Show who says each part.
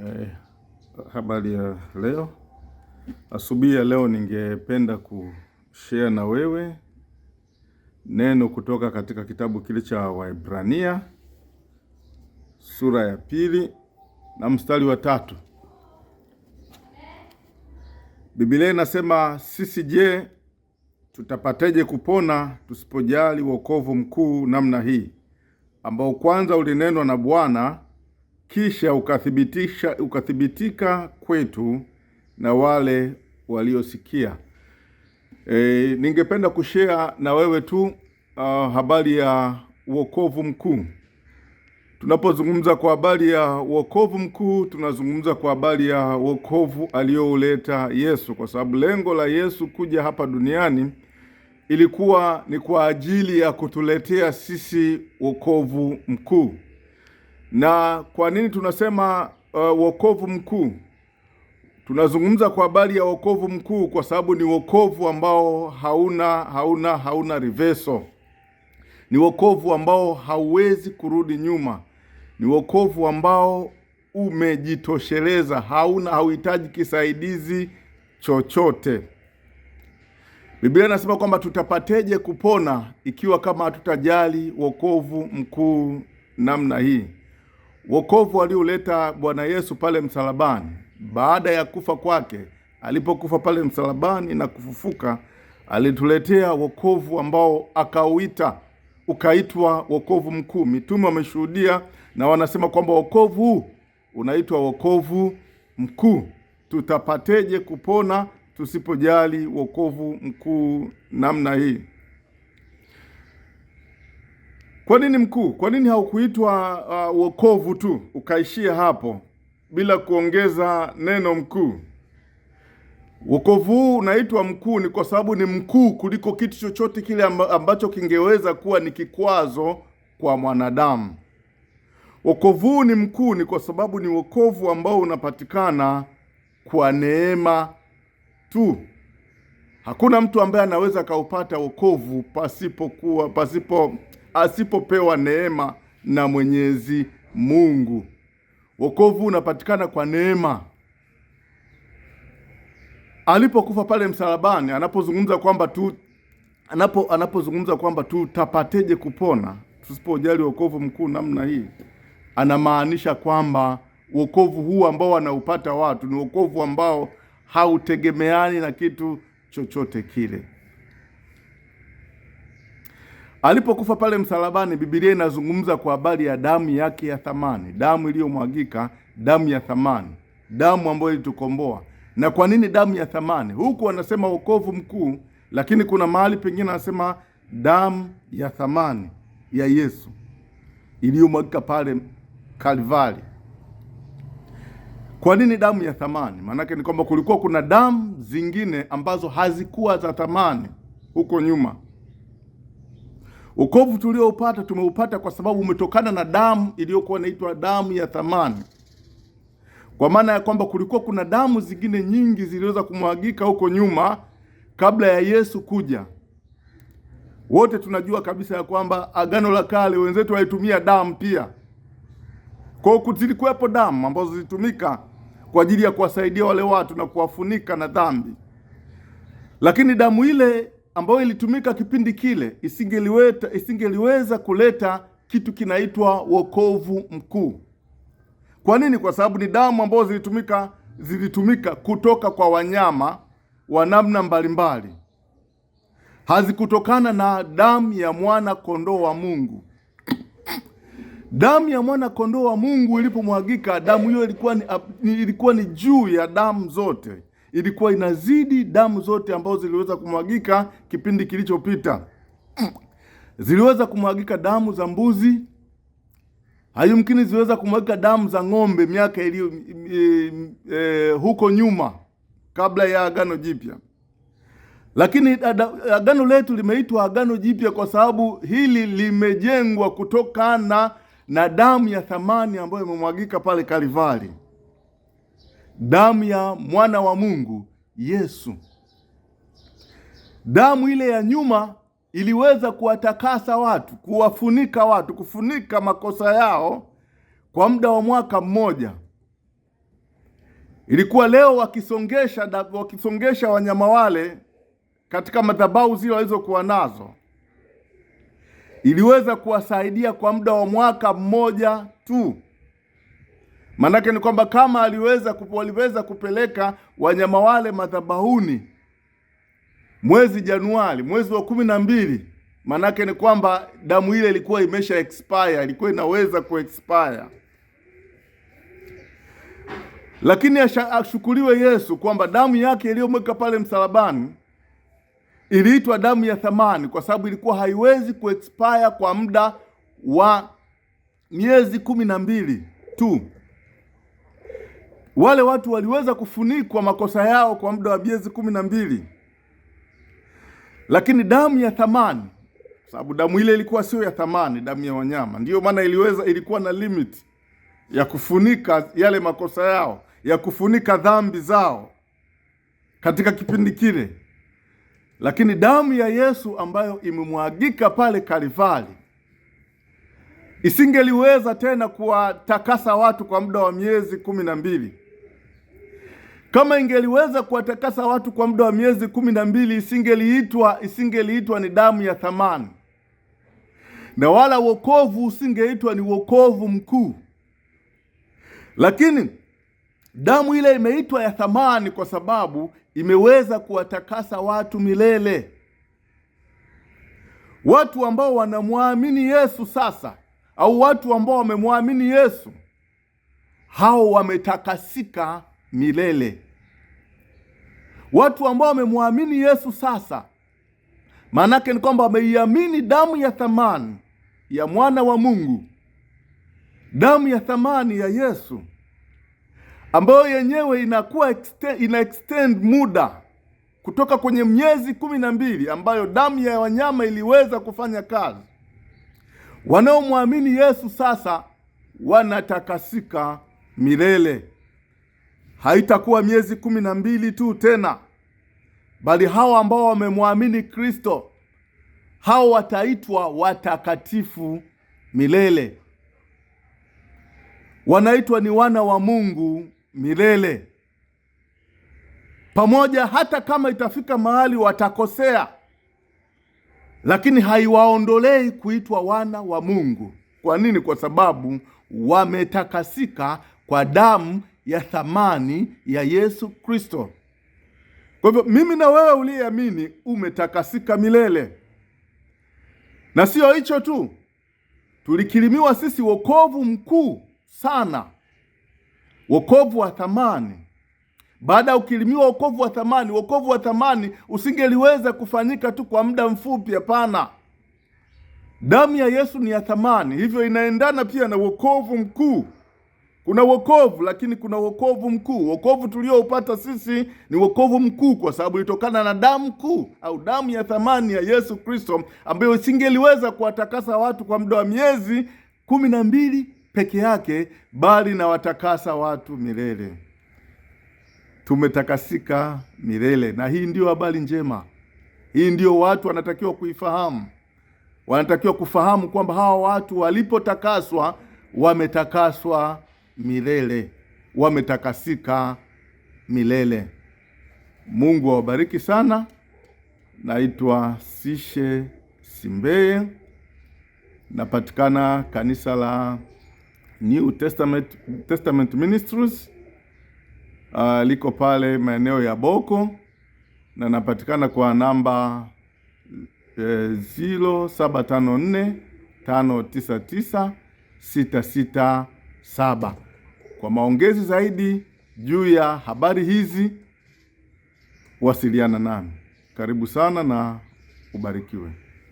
Speaker 1: Eh, habari ya leo asubuhi ya leo, ningependa kushare na wewe neno kutoka katika kitabu kile cha Waebrania sura ya pili na mstari wa tatu. Biblia inasema sisi je, tutapateje kupona tusipojali wokovu mkuu namna hii ambao kwanza ulinenwa na Bwana kisha ukathibitisha ukathibitika kwetu na wale waliosikia. E, ningependa kushea na wewe tu uh, habari ya wokovu mkuu. Tunapozungumza kwa habari ya wokovu mkuu, tunazungumza kwa habari ya wokovu aliyouleta Yesu, kwa sababu lengo la Yesu kuja hapa duniani ilikuwa ni kwa ajili ya kutuletea sisi wokovu mkuu. Na kwa nini tunasema uh, wokovu mkuu? Tunazungumza kwa habari ya wokovu mkuu kwa sababu ni wokovu ambao hauna hauna hauna reveso. Ni wokovu ambao hauwezi kurudi nyuma. Ni wokovu ambao umejitosheleza, hauna hauhitaji kisaidizi chochote. Biblia inasema kwamba tutapateje kupona ikiwa kama hatutajali wokovu mkuu namna hii? Wokovu alioleta Bwana Yesu pale msalabani, baada ya kufa kwake, alipokufa pale msalabani na kufufuka, alituletea wokovu ambao akauita ukaitwa wokovu mkuu. Mitume wameshuhudia na wanasema kwamba wokovu huu unaitwa wokovu mkuu. Tutapateje kupona tusipojali wokovu mkuu namna hii? Kwa nini mkuu, kwa nini haukuitwa uh, wokovu tu ukaishia hapo bila kuongeza neno mkuu? Wokovu huu unaitwa mkuu ni kwa sababu ni mkuu kuliko kitu chochote kile ambacho kingeweza kuwa ni kikwazo kwa mwanadamu. Wokovu huu ni mkuu ni kwa sababu ni wokovu ambao unapatikana kwa neema tu. Hakuna mtu ambaye anaweza akaupata wokovu pasipo kuwa pasipo asipopewa neema na Mwenyezi Mungu. Wokovu unapatikana kwa neema. Alipokufa pale msalabani, anapozungumza kwamba tu anapo anapozungumza kwamba tutapateje kupona tusipojali wokovu mkuu namna hii, anamaanisha kwamba wokovu huu ambao wanaupata watu ni wokovu ambao hautegemeani na kitu chochote kile. Alipokufa pale msalabani, Biblia inazungumza kwa habari ya damu yake ya thamani, damu iliyomwagika, damu ya thamani, damu ambayo ilitukomboa. Na kwa nini damu ya thamani? Huku anasema wokovu mkuu, lakini kuna mahali pengine anasema damu ya thamani ya Yesu iliyomwagika pale Kalvari. Kwa nini damu ya thamani? Maanake ni kwamba kulikuwa kuna damu zingine ambazo hazikuwa za thamani huko nyuma. Wokovu tulioupata tumeupata kwa sababu umetokana na damu iliyokuwa inaitwa damu ya thamani, kwa maana ya kwamba kulikuwa kuna damu zingine nyingi ziliweza kumwagika huko nyuma kabla ya Yesu kuja. Wote tunajua kabisa ya kwamba Agano la Kale wenzetu walitumia damu pia. Kwa hiyo zilikuwepo damu ambazo zilitumika kwa ajili ya kuwasaidia wale watu na kuwafunika na dhambi, lakini damu ile ambayo ilitumika kipindi kile isingeliweta isingeliweza kuleta kitu kinaitwa wokovu mkuu. Kwa nini? Kwa sababu ni damu ambazo zilitumika zilitumika kutoka kwa wanyama wa namna mbalimbali, hazikutokana na damu ya mwana kondoo wa Mungu. Damu ya mwana kondoo wa Mungu ilipomwagika, damu hiyo ilikuwa ni, ilikuwa ni juu ya damu zote ilikuwa inazidi damu zote ambazo ziliweza kumwagika kipindi kilichopita. Ziliweza kumwagika damu za mbuzi, hayumkini ziliweza kumwagika damu za ng'ombe miaka iliyo e, e, huko nyuma kabla ya Agano Jipya. Lakini agano letu limeitwa Agano Jipya kwa sababu hili limejengwa kutokana na damu ya thamani ambayo imemwagika pale Kalivari damu ya mwana wa Mungu Yesu. Damu ile ya nyuma iliweza kuwatakasa watu, kuwafunika watu, kufunika makosa yao kwa muda wa mwaka mmoja. Ilikuwa leo wakisongesha wakisongesha wanyama wale katika madhabahu zile walizokuwa nazo, iliweza kuwasaidia kwa muda wa mwaka mmoja tu. Maanake ni kwamba kama aliweza waliweza kupeleka wanyama wale madhabahuni mwezi Januari, mwezi wa kumi na mbili, maanake ni kwamba damu ile ilikuwa imesha expire, ilikuwa inaweza kuexpire. Lakini ashukuriwe Yesu kwamba damu yake iliyomweka pale msalabani iliitwa damu ya thamani, kwa sababu ilikuwa haiwezi kuexpire kwa muda wa miezi kumi na mbili tu. Wale watu waliweza kufunikwa makosa yao kwa muda wa miezi kumi na mbili, lakini damu ya thamani, sababu damu ile ilikuwa sio ya thamani, damu ya wanyama, ndiyo maana iliweza, ilikuwa na limit ya kufunika yale makosa yao, ya kufunika dhambi zao katika kipindi kile, lakini damu ya Yesu ambayo imemwagika pale Kalvari isingeliweza tena kuwatakasa watu kwa muda wa miezi kumi na mbili. Kama ingeliweza kuwatakasa watu kwa muda wa miezi kumi na mbili isingeliitwa isingeliitwa ni damu ya thamani, na wala wokovu usingeitwa ni wokovu mkuu. Lakini damu ile imeitwa ya thamani kwa sababu imeweza kuwatakasa watu milele. Watu ambao wanamwamini Yesu sasa, au watu ambao wamemwamini Yesu, hao wametakasika milele. Watu ambao wamemwamini Yesu sasa, maanake ni kwamba wameiamini damu ya thamani ya mwana wa Mungu, damu ya thamani ya Yesu ambayo yenyewe inakuwa extend, ina extend muda kutoka kwenye miezi kumi na mbili ambayo damu ya wanyama iliweza kufanya kazi. Wanaomwamini Yesu sasa wanatakasika milele haitakuwa miezi kumi na mbili tu tena, bali hawa ambao wamemwamini Kristo, hao wataitwa watakatifu milele, wanaitwa ni wana wa Mungu milele pamoja. Hata kama itafika mahali watakosea, lakini haiwaondolei kuitwa wana wa Mungu. Kwa nini? Kwa sababu wametakasika kwa damu ya thamani ya Yesu Kristo. Kwa hivyo mimi na wewe uliyeamini umetakasika milele, na siyo hicho tu, tulikirimiwa sisi wokovu mkuu sana, wokovu wa thamani. Baada ya ukirimiwa wokovu wa thamani, wokovu wa thamani usingeliweza kufanyika tu kwa muda mfupi. Hapana, damu ya Yesu ni ya thamani, hivyo inaendana pia na wokovu mkuu. Kuna wokovu, lakini kuna wokovu mkuu. Wokovu tulioupata sisi ni wokovu mkuu, kwa sababu ilitokana na damu kuu au damu ya thamani ya Yesu Kristo, ambayo isingeliweza kuwatakasa watu kwa muda wa miezi kumi na mbili peke yake, bali na watakasa watu milele. Tumetakasika milele, na hii ndiyo habari njema. Hii ndiyo watu wanatakiwa kuifahamu, wanatakiwa kufahamu kwamba hawa watu walipotakaswa wametakaswa milele, wametakasika milele. Mungu awabariki sana. Naitwa Sishe Simbeye, napatikana kanisa la New Testament, Testament Ministries uh, liko pale maeneo ya Boko na napatikana kwa namba eh, 0754 599 66 saba. Kwa maongezi zaidi juu ya habari hizi, wasiliana nami. Karibu sana na ubarikiwe.